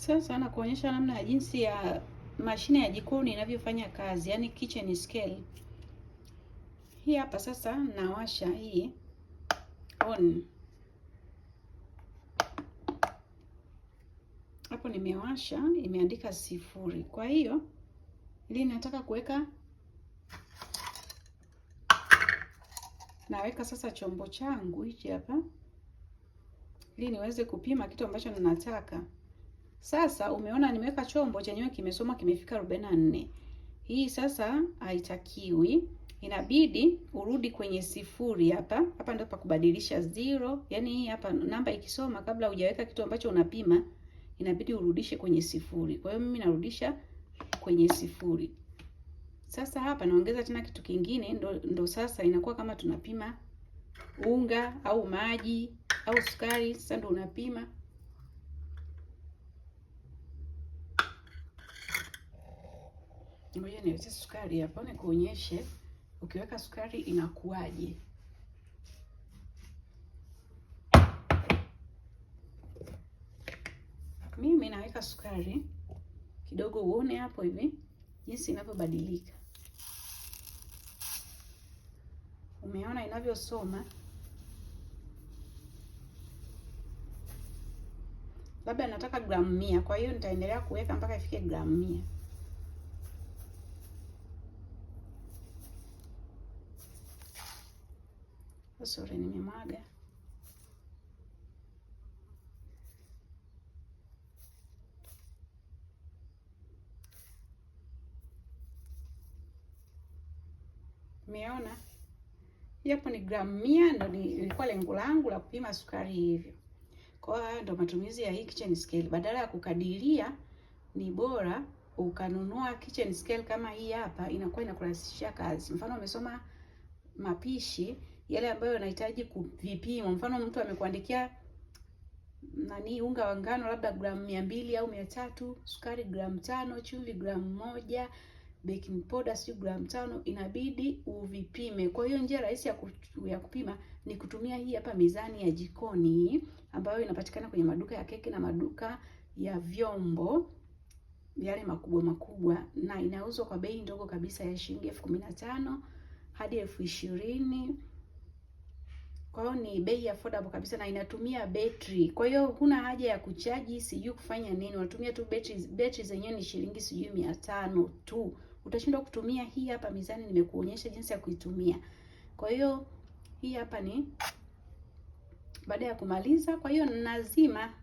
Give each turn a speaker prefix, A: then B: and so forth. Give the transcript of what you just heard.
A: Sasa kuonyesha namna ya jinsi ya mashine ya jikoni inavyofanya kazi, yani kitchen scale. Hii hapa sasa nawasha hii on. Hapo nimewasha imeandika sifuri, kwa hiyo ili nataka kuweka, naweka sasa chombo changu hichi hapa ili niweze kupima kitu ambacho ninataka. Sasa umeona nimeweka chombo chenyewe kimesoma kimefika 44. Hii sasa haitakiwi, inabidi urudi kwenye sifuri hapa. Hapa ndio pa kubadilisha zero, yaani hii hapa namba ikisoma kabla hujaweka kitu ambacho unapima inabidi urudishe kwenye sifuri. Kwa hiyo mimi narudisha kwenye sifuri. Sasa hapa naongeza tena kitu kingine ndo, ndo sasa inakuwa kama tunapima unga au maji au sukari. Sasa ndo unapima Ngoja niweze sukari hapo nikuonyeshe, ukiweka sukari inakuwaje. Mimi naweka sukari kidogo, uone hapo hivi jinsi inavyobadilika. Umeona inavyosoma? Labda nataka gramu mia, kwa hiyo nitaendelea kuweka mpaka ifike gramu mia. vizuri, nimemwaga Umeona, japo ni gramu mia, ndo ilikuwa lengo langu la kupima sukari hivyo. Kwa hiyo ndo matumizi ya hii kitchen scale. Badala ya kukadiria, ni bora ukanunua kitchen scale kama hii hapa, inakuwa inakurahisishia kazi. Mfano umesoma mapishi yale ambayo yanahitaji kuvipima. Mfano mtu amekuandikia nani unga wa ngano labda gramu mia mbili au mia tatu sukari gramu tano chumvi gramu moja baking powder si gramu tano inabidi uvipime. Kwa hiyo njia rahisi ya, kutu, ya kupima ni kutumia hii hapa mizani ya jikoni ambayo inapatikana kwenye maduka ya keki na maduka ya vyombo yale makubwa makubwa, na inauzwa kwa bei ndogo kabisa ya shilingi elfu kumi na tano hadi elfu ishirini. Kwa hiyo ni bei affordable kabisa na inatumia betri. Kwa hiyo huna haja ya kuchaji sijui kufanya nini. Unatumia tu betri, betri zenyewe ni shilingi sijui mia tano tu. Utashindwa kutumia hii hapa mizani nimekuonyesha jinsi ya kuitumia. Kwa hiyo hii hapa ni baada ya kumaliza, kwa hiyo nazima